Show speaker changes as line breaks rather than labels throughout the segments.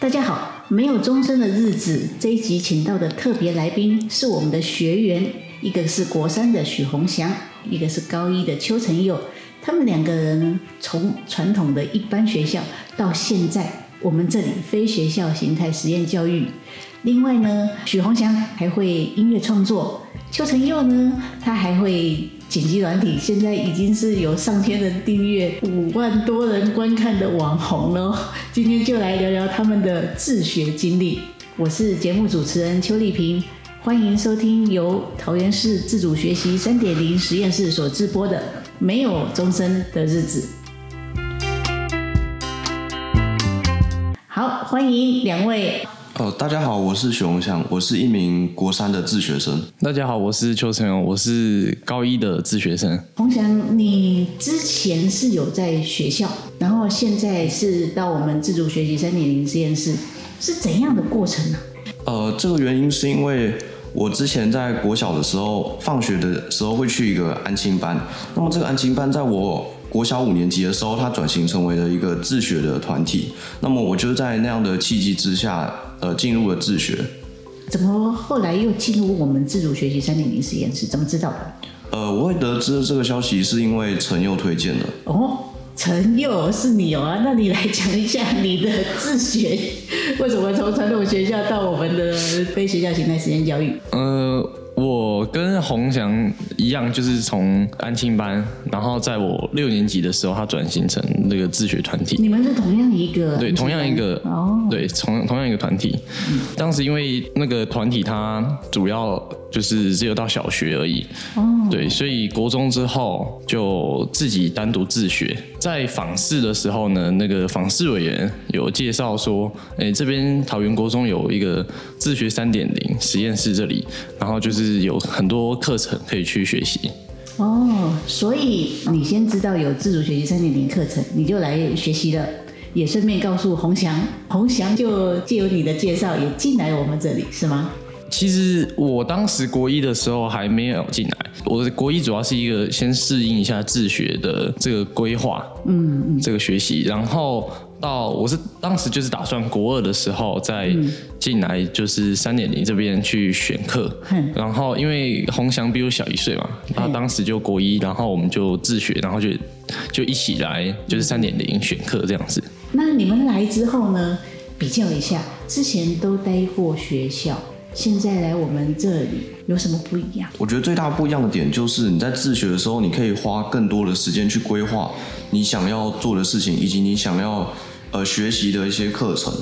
大家好，沒有鐘聲的日子。這一集請到的特別來賓是我們的學員，一個是國三的許紘祥，一個是高一的邱丞佑。他們兩個人從傳統的一般學校到現在我們這裡非學校形態實驗教育。另外呢，許紘祥還會音樂創作，邱丞佑呢，他還會。剪輯軟體現在已經是有上千人訂閱、五萬多人觀看的網紅了，今天就來聊聊他們的自學經歷。我是節目主持人邱儷萍，歡迎收聽由桃園市自主學習三點零實驗室所製播的《沒有鐘聲的日子》。好，歡迎兩位。
呃、大家好，我是紘祥，我是一名國三的自學生。大家好，我是邱丞佑，我是高一的自學生。
紘祥，你之前是有在學校，然後現在是到我們自主學習三點零實驗室，是怎樣的過程呢、啊？
呃，這個原因是因為我之前在國小的時候，放學的時候會去一個安親班，那麼這個安親班在我，國小五年級的時候，他轉型成為了一個自學的團體。那麼我就在那樣的契機之下，呃，進入了自學。
怎麼後來又進入我們自主學習三點零實驗室？怎麼知道的？
呃，我會得知這個消息是因為丞佑推薦的。
哦，丞佑是你哦。那你來講一下你的自學， 為什麼從傳統學校到我們的非學校型態實驗教育？
呃……跟紘祥一樣，就是從安慶班，然後在我六年級的時候，他轉型成那個自學團體，你
們是同樣一個？對，嗯、同樣一個。
哦，對，同同樣一個團體、嗯。當時因為那個團體，它主要就是只有到小學而已。哦，對，所以國中之後就自己單獨自學。在訪視的時候呢，那個訪視委員有介紹說，哎，這邊桃園國中有一個自學三點零實驗室，這裡然後就是有很多課程可以去學習。
哦，所以你先知道有自主學習三點零課程，你就來學習了，也順便告訴紘祥，紘祥就借由你的介紹也進來我們這裡是嗎？
其實我當時國一的時候還沒有進來，我的國一主要是一個先適應一下自學的這個規劃，嗯，嗯，這個學習，然後。到我是當時就是打算國二的時候再進來，就是三點零這邊去選課。嗯、然後因為紘祥比我小一歲嘛，他、嗯、當時就國一，然後我們就自學，然後就就一起來，就是三點零選課這樣子。
那你們來之後呢，比較一下之前都待過學校，現在來我們這裡有什麼不一樣？
我覺得最大不一樣的點，就是你在自學的時候，你可以花更多的時間去規劃你想要做的事情，以及你想要。呃，學習的一些課程，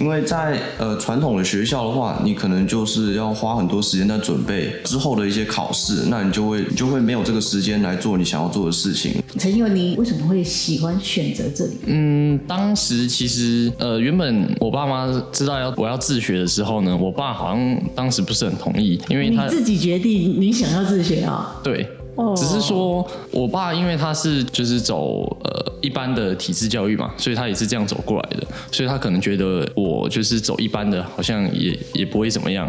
因為在呃傳統的學校的話，你可能就是要花很多時間在準備之後的一些考試，那你就會你就會沒有這個時間來做你想要做的事情。
丞佑，你為什麼會喜歡選擇這裡？嗯，當時
其實呃，原本我爸媽知道要我要自學的時候呢，我爸好像當時不是很同意，因為他你自己
決定你想要自學啊、哦？對。只是說，
我爸因為他是就是走呃一般的體制教育嘛，所以他也是這樣走過來的，所以他可能覺得我就是走一般的，好像也也不會怎麼樣。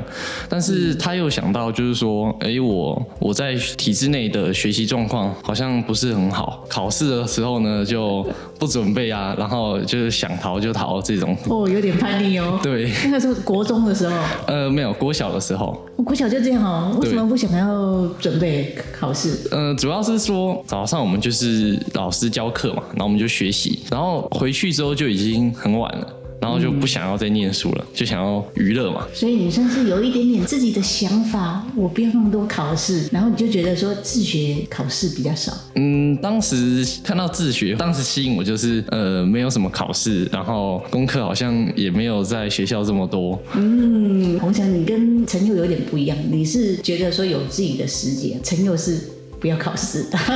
但是他又想到就是說，哎，我我在體制內的學習狀況好像不是很好，考試的時候呢就不準備啊，然後就是想逃就逃這種。哦，
有點叛逆哦。 對。那個是國中的時
候。呃，沒有，國小的時候。
我從小就這樣哦，為什麼不想要準備考試？嗯、呃，主要是
說早上我們就是老師教課嘛，然後我們就學習，然後回去之後就已經很晚了。然後就不想要再念書了，嗯、就想要娛樂嘛。
所以你算是有一點點自己的想法，我不要那麼多考試，然後你就覺得說自學考試比較少。嗯，
當時看到自學，當時吸引我就是呃，沒有什麼考試，然後功課好像也沒有在學校這麼多。嗯，
紘祥，你跟丞佑有點不一樣，你是覺得說有自己的時間，丞佑是不要考試的。哈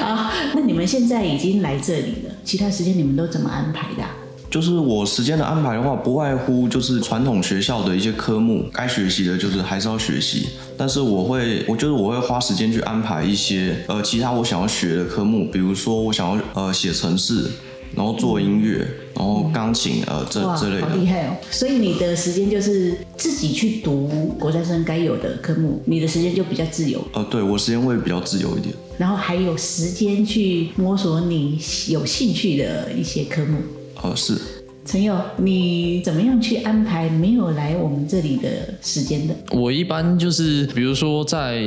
啊， 那你們現在已經來這裡了，其他時間你們都怎麼安排的啊？
就是我時間的安排的話，不外乎就是傳統學校的一些科目，該學習的就是還是要學習，但是我會，我就是我會花時間去安排一些呃其他我想要學的科目，比如說我想要呃寫程式，然後做音樂，嗯、然後鋼琴，嗯、呃，這之類的，
好厲害哦！所以你的時間就是自己去讀國家生該有的科目，你的時間就比較自由。
哦、呃，對，我時間會比較自由一點，
然後還有時間去摸索你有興趣的一些科目。
哦、呃，是。
丞佑，你怎麼樣去安排沒有來我們這裡的時間的？
我一般就是，比如說在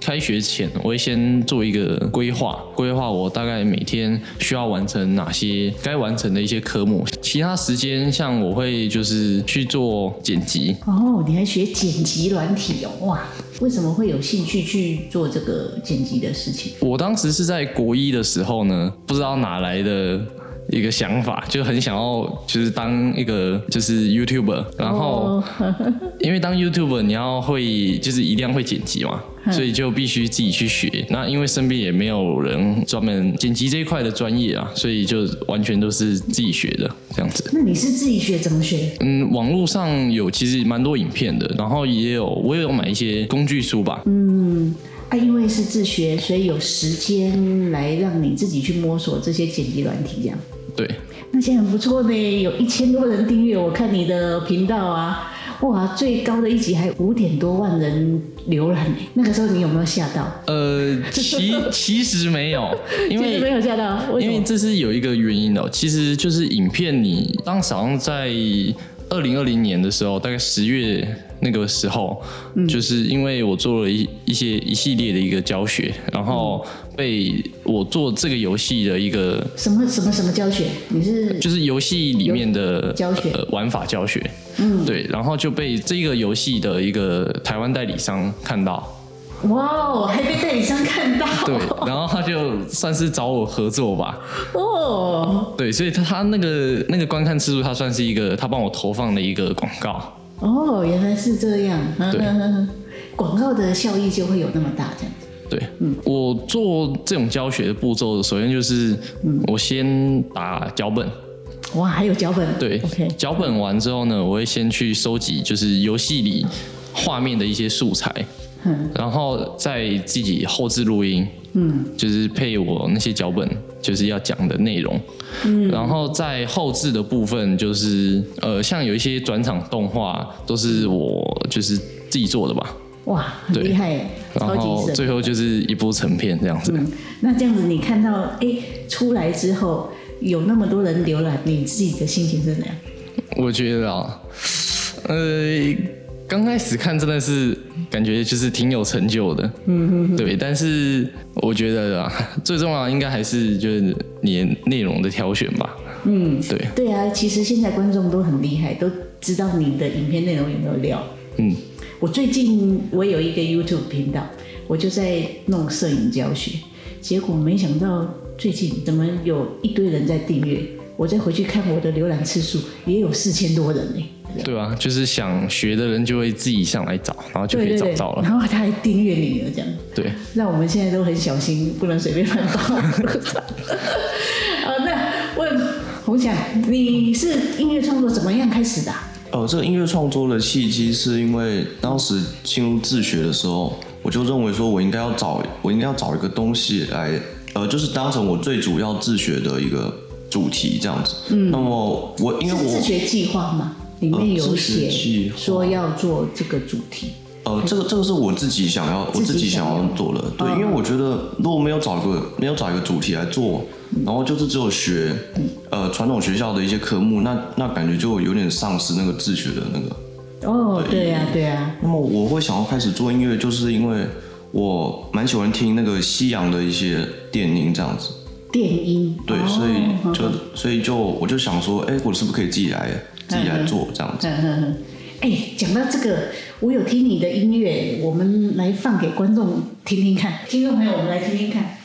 開學前，我會先做一個規劃，規劃我大概每天需要完成哪些該完成的一些科目。其他時間，像我會就是去做剪輯。
哦，你還學剪輯軟體哦？哇，為什麼會有興趣去做這個剪輯的事情？
我當時是在國一的時候呢，不知道哪來的一個想法就很想要，就是當一個就是 YouTuber，然後因為當 YouTuber，你要會就是一定要會剪輯嘛，所以就必須自己去學。那因為身邊也沒有人專門剪輯這一塊的專業啊，所以就完全都是自己學的這樣子。
那你是自己學怎麼學？
嗯，網絡上有其實蠻多影片的，然後也有我也有買一些工具書吧。嗯，
啊，因為是自學，所以有時間來讓你自己去摸索這些剪輯軟體這樣。對，那現在很不錯呢，有一千多人訂閱。我看你的頻道啊，哇，最高的一集還五點多萬人瀏覽，那個時候你有沒有嚇到？呃，
其其實沒有， 因為沒有嚇到，因為這是有一個原因的。其實就是影片，你當時好像在二零二零年的時候，大概十月。那個時候、嗯，就是因為我做了一一些一系列的一個教學，然後被我做這個遊戲的一個
什麼什麼什麼教學，你
是就是遊戲裡面的教學、呃、玩法教學，嗯，對，然後就被這個遊戲的一個台灣代理商看到，
哇哦，還被代理商看到。哦，對，
然後他就算是找我合作吧，
哦，
對，所以他他那個那個觀看次數，他算是一個他幫我投放的一個廣告。
哦，原來是這樣，廣告的效益就會有那麼大這樣子。對，嗯，
我做這種教學的步驟，首先就是，嗯，我先打腳本、
嗯。哇，還有腳本？
對，OK。腳本完之後呢，我會先去收集，就是遊戲裡畫面的一些素材。然後在自己後製錄音，嗯，就是配我那些腳本，就是要講的內容，嗯，然後在後製的部分，就是呃，像有一些轉場動畫都是我就是自己做的吧。
哇，很厲害，然後超級最
後就是一部成片這樣子。
嗯。那這樣子你看到哎出來之後有那麼多人瀏覽，你自己的心情是怎樣？
我覺得啊，呃。剛開始看真的是感覺就是挺有成就的，嗯哼哼，對。但是我覺得啊，最重要應該還是就是你內容的挑選吧。嗯，對。
對啊，其實現在觀眾都很厲害，都知道你的影片內容有沒有料。嗯，我最近我有一個 YouTube 頻道，我就在弄攝影教學，結果沒想到最近怎麼有一堆人在訂閱。我再回去看我的瀏覽次數，也有四千多人呢。
對啊，就是想學的人就會自己上來找，然後就可以找到了。對對對，然
後他還訂閱你了，這樣。對。那我們現在都很小心，不能隨便亂報。啊， 那問紘祥，你是音樂創作怎麼樣開始的啊？
哦、呃，這個音樂創作的契機是因為當時進入自學的時候，我就認為說我應該要找，我應該要找一個東西來，呃，就是當成我最主要自學的一個。主題這樣子，嗯、那麼我因為我是自學
計劃嘛，裡面有寫、呃、說要做這個主題。
呃，這個這個是我自己，自己想要，我自己想要做的。哦、對，因為我覺得如果沒有找一個、哦、沒有找一個主題來做，嗯、然後就是只有學、嗯，呃，傳統學校的一些科目，那那感覺就有點喪失那個自學的那個。
哦，對呀，對呀、
啊啊。那麼我會想要開始做音樂，就是因為我蠻喜歡聽那個西洋的一些電音這樣子。
電音對、哦，所以就呵呵
所以就我就想說，哎、欸，我是不是可以自己來，自己來做、嗯、這樣子？哎、
嗯嗯嗯嗯，欸，講到這個，我有聽你的音樂，我們來放給觀眾聽聽看。聽眾朋友，我們來聽聽看。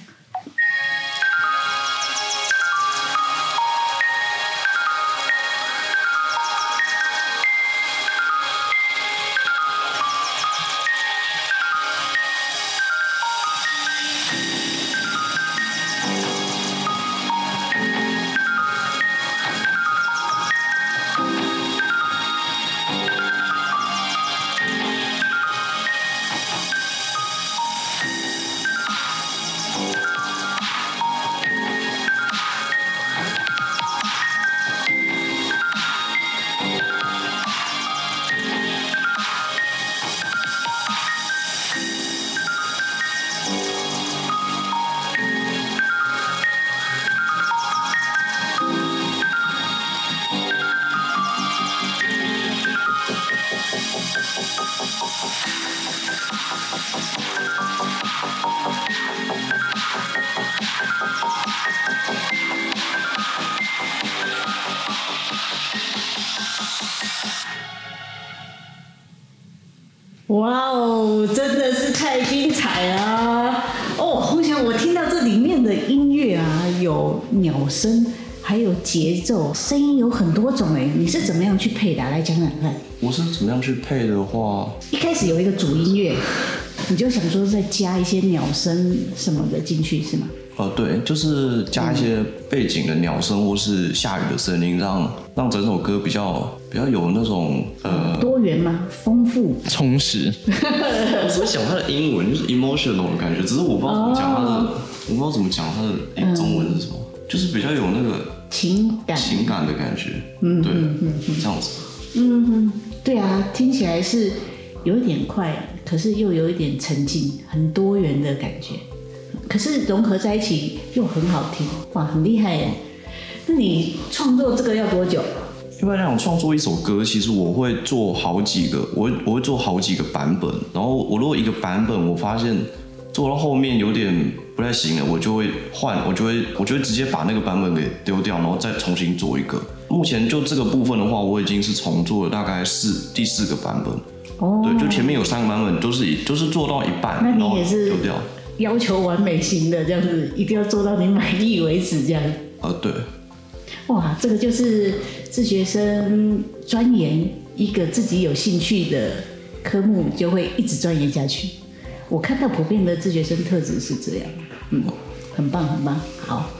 哇哦，真的是太精彩了！哦，紘祥，我聽到這裡面的音樂啊，有鳥聲，還有節奏，聲音有很多種哎。你是怎麼樣去配的啊？來講講看。
我是怎麼樣去配的話，
一開始有一個主音樂，你就想說再加一些鳥聲什麼的進去，是嗎？
呃，對，就是加一些背景的鳥聲、嗯、或是下雨的聲音，讓讓整首歌比較比較有那種呃多
元嗎？豐富、
充實。
我是想他
的英文就是 emotional 的感覺，只是我不知道怎麼講他的，哦、我不知道怎麼講他的中文是什麼，嗯、就是比較有那個
情感、情感，情感的感覺。嗯，對，嗯嗯，嗯，嗯，這樣子嗯。嗯，對啊，聽起來是有一點快，可是又有一點沉靜，很多元的感覺。可是融合在一起又很好聽哇，很厲害耶！那你創作這個要多久？
因為像我創作一首歌，其實我會做好幾個，我會我會做好幾個版本。然後我如果一個版本我發現做到後面有點不太行了，我就會換，我就會，我就會直接把那個版本給丟掉，然後再重新做一個。目前就這個部分的話，我已經是重做了大概四第四個版本。
哦，對，就前
面有三個版本都、就是以都、就是做到一半，那你也是然後丟掉。
要求完美型的這樣子，一定要做到你滿意為止，這樣啊、呃，對。哇，這個就是自學生鑽研一個自己有興趣的科目，就會一直鑽研下去。我看到普遍的自學生特質是這樣，嗯，很棒，很棒。好，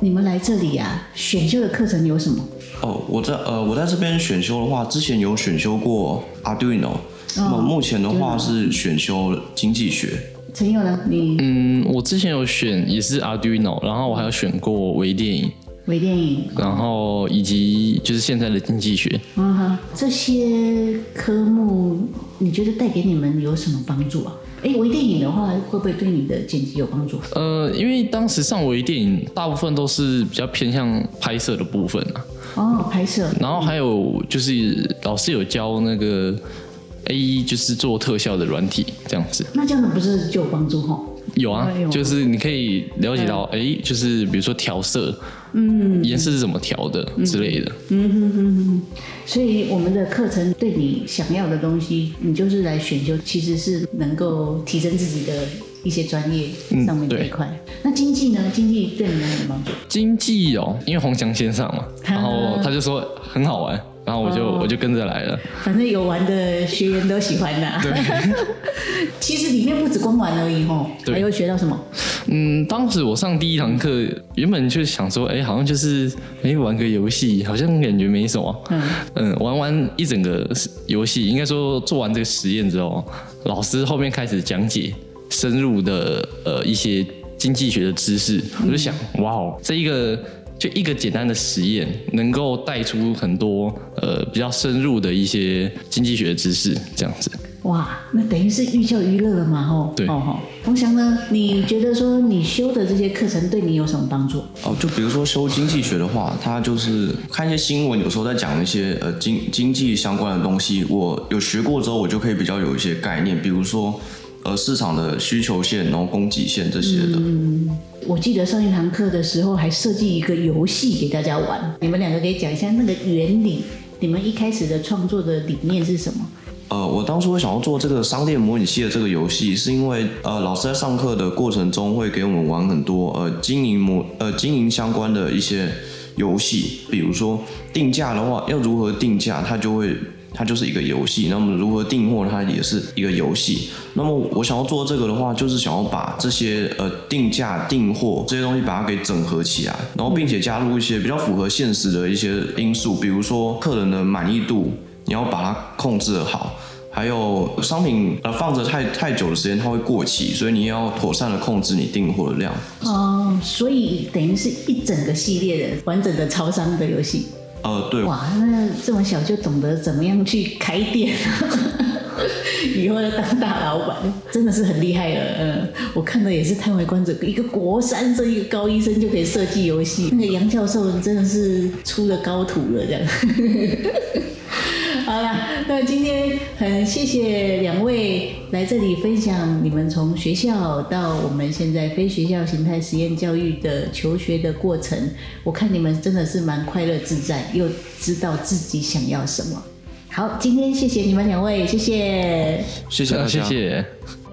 你們來這裡呀、啊？選修的課程有什麼？
哦，我在呃，我在這邊選修的話，之前有選修過 Arduino，那、哦、麼目前的話是選修經濟學。
曾友呢？
你嗯，我之前有選，也是 Arduino，然後我還有選過微電影，
微電影，
然後以及就是現在的經濟學。嗯、哦、
哼，這些科目你覺得帶給你們有什麼幫助啊？哎、欸，微電影的話會不會對你的剪輯有幫助？
呃，因為當時上微電影，大部分都是比較偏向拍攝的部分啊。
哦，拍攝。
然後還有就是老師有教那個。AE 就是做特效的軟體這樣子，
那這樣子不是就有幫助吼？有啊、哎，就是
你可以了解到，哎、欸，就是比如說調色，
嗯，顏色
是怎麼調的之類的，嗯
哼哼哼。所以我們的課程對你想要的東西，你就是來選修，其實是能夠提升自己的一些專業上面的一塊、嗯。那經濟呢？經濟對你有什麼幫助？
經濟哦，因為紘祥先生嘛，然後他就說很好玩。然後我就、哦、我就跟着來了，
反正有玩的學員都喜歡的、啊。 對， 其實裡面不止光玩而已哦，對，還有學到什麼？
嗯，當時我上第一堂課，原本就是想說，哎，好像就是哎玩個遊戲，好像感覺沒什麼。嗯,嗯玩完一整個遊戲，應該說做完這個實驗之後，老師後面開始講解深入的呃一些經濟學的知識、嗯，我就想，哇哦，這一個。就一個簡單的實驗，能夠帶出很多呃比較深入的一些經濟學知識，
這樣子。
哇，那等於是寓教於樂了嘛，吼、哦。對，哦好。紘、哦、祥呢，你覺得說你修的這些課程對你有什麼幫助？
哦，就比如說修經濟學的話，它就是看一些新聞，有時候在講一些呃經經濟相關的東西，我有學過之後，我就可以比較有一些概念，比如說。呃，市場的需求線，然後供給線
這些的。嗯，我記得上一堂課的時候還設計一個遊戲給大家玩，你們兩個可以講一下那個原理。你們一開始的創作的理念是什麼？
呃，我當初我想要做這個商店模擬器的這個遊戲，是因為呃，老師在上課的過程中會給我們玩很多呃經營模呃經營相關的一些遊戲，比如說定價的話，要如何定價，它就會。它就是一個遊戲，那麼如何訂貨，它也是一個遊戲。那麼我想要做這個的話，就是想要把這些呃定價、訂貨這些東西把它給整合起來，然後並且加入一些比較符合現實的一些因素，比如說客人的滿意度，你要把它控制得好，還有商品呃放着太太久的時間，它會過期，所以你也要妥善的控制你訂貨的量。
哦，所以等於是一整個系列的完整的超商的遊戲。哦，對。哇，那這麼小就懂得怎麼樣去開店，以後要當大老板，真的是很厲害了。嗯、呃，我看到也是嘆為觀止，一個國三生，這一個高一生就可以設計遊戲，那個楊教授真的是出了高徒了，這樣。 好了。今天很謝謝兩位來這裡分享你們從學校到我們現在非學校型態實驗教育的求學的過程。我看你們真的是蠻快樂自在，又知道自己想要什麼。好，今天謝謝你們兩位，謝謝，謝謝、啊，
謝謝。